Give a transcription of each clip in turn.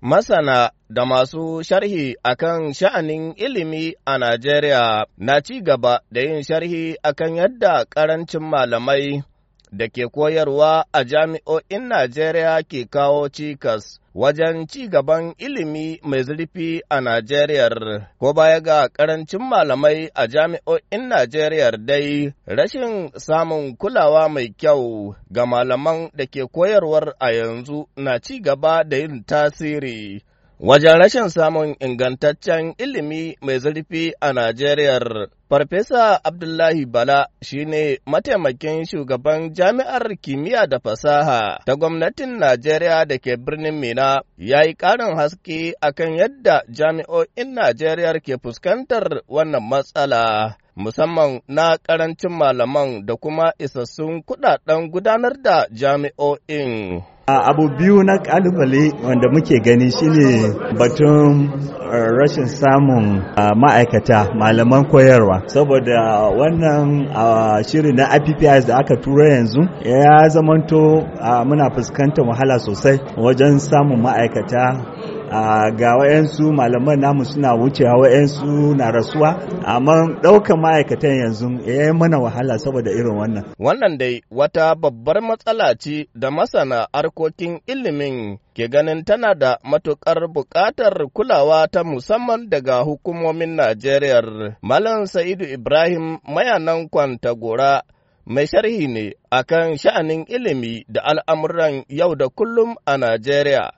masana da masu sharhi akan sha'anin ilimi a Najeriya na ci gaba da yin sharhi akan yadda ƙarancin malamai da ke koyarwa a jami'o'in Najeriya ke kawo cikas wajen ci gaban ilimi mai zurfi a Najeriya, ko baya ga karancin malamai a jami'o'in Najeriya dai rashin samun kulawa mai kyau ga malaman da ke koyarwar a yanzu na ci gaba da yin tasiri. Wajen rashin samun ingantaccen ilimi mai zurfi a Najeriya, Farfesa Abdullahi Bala shi ne mataimakin shugaban Jami'ar Kimiyya da Fasaha ta gwamnatin Najeriya da ke birnin Mina ya yi ƙarin haske akan yadda jami'o'in Najeriya ke fuskantar wannan matsala. musamman na ƙarancin malaman da kuma isassun kuɗaɗen gudanar da jami'o'in. abu biyu na kalubale wanda muke gani shine batun eh, rashin samun ah, ma'aikata malaman koyarwa saboda wannan ah, shirin na IPPIs da aka tura yanzu ya zamanto ah, muna fuskantar wahala sosai wajen samun ma'aikata ga wayansu malaman namu suna wucewa wayansu na rasuwa amma ɗaukan ma'aikatan yanzu ya yi mana wahala saboda irin wannan. Wannan dai wata babbar matsala ce da masana harkokin ilimin ke ganin tana da matuƙar buƙatar kulawa ta musamman daga hukumomin Najeriya. Malam Sa'idu Ibrahim mayanan gora mai sharhi ne akan sha'anin ilimi da al'amuran yau da kullum a Najeriya.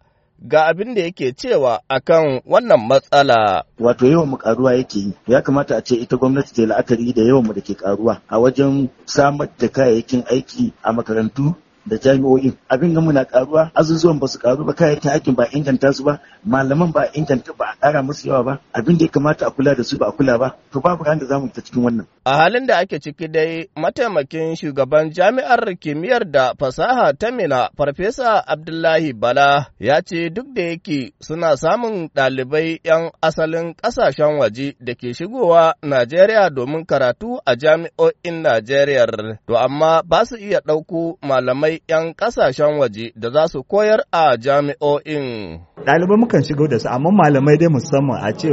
ga abin da yake cewa akan wannan matsala. Wato yawan mu karuwa yake yi, ya kamata a ce ita gwamnati ta la'akari da yawan mu da ke karuwa a wajen samar da kayayyakin aiki a makarantu da jami'o'in abin ga muna karuwa azuzuwan ba su karu ba kayayyakin aikin ba inganta su ba malaman ba inganta ba a kara musu yawa ba abin da ya kamata a kula da su ba a kula ba to babu ran da zamu ta cikin wannan a halin da ake ciki dai mataimakin shugaban jami'ar kimiyyar da fasaha ta Minna, farfesa Abdullahi Bala ya ce duk da yake suna samun ɗalibai 'yan asalin ƙasashen waje da ke shigowa Najeriya domin karatu a jami'o'in Najeriya to amma ba su iya ɗauko malamai 'yan ƙasashen waje da za su koyar a jami'o'in. Ɗalibai mukan shigo da su, amma malamai dai musamman a ce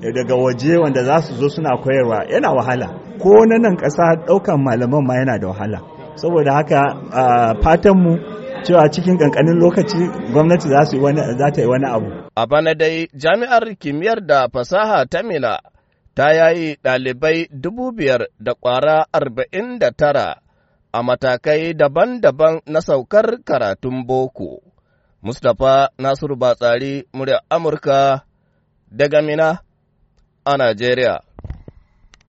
daga waje wanda za su zo suna koyarwa yana wahala. Ko na nan ƙasa ɗaukan malaman ma yana da wahala. Saboda haka fatanmu cewa cikin kankanin lokaci gwamnati za su ta yi wani abu. A bana dai jami'ar kimiyyar da fasaha ta Mila ta yayi ɗalibai dubu biyar da ƙwara arba'in da tara a matakai daban-daban na saukar karatun boko. Mustapha Nasiru Batsari, murya Amurka, daga Mina a Najeriya.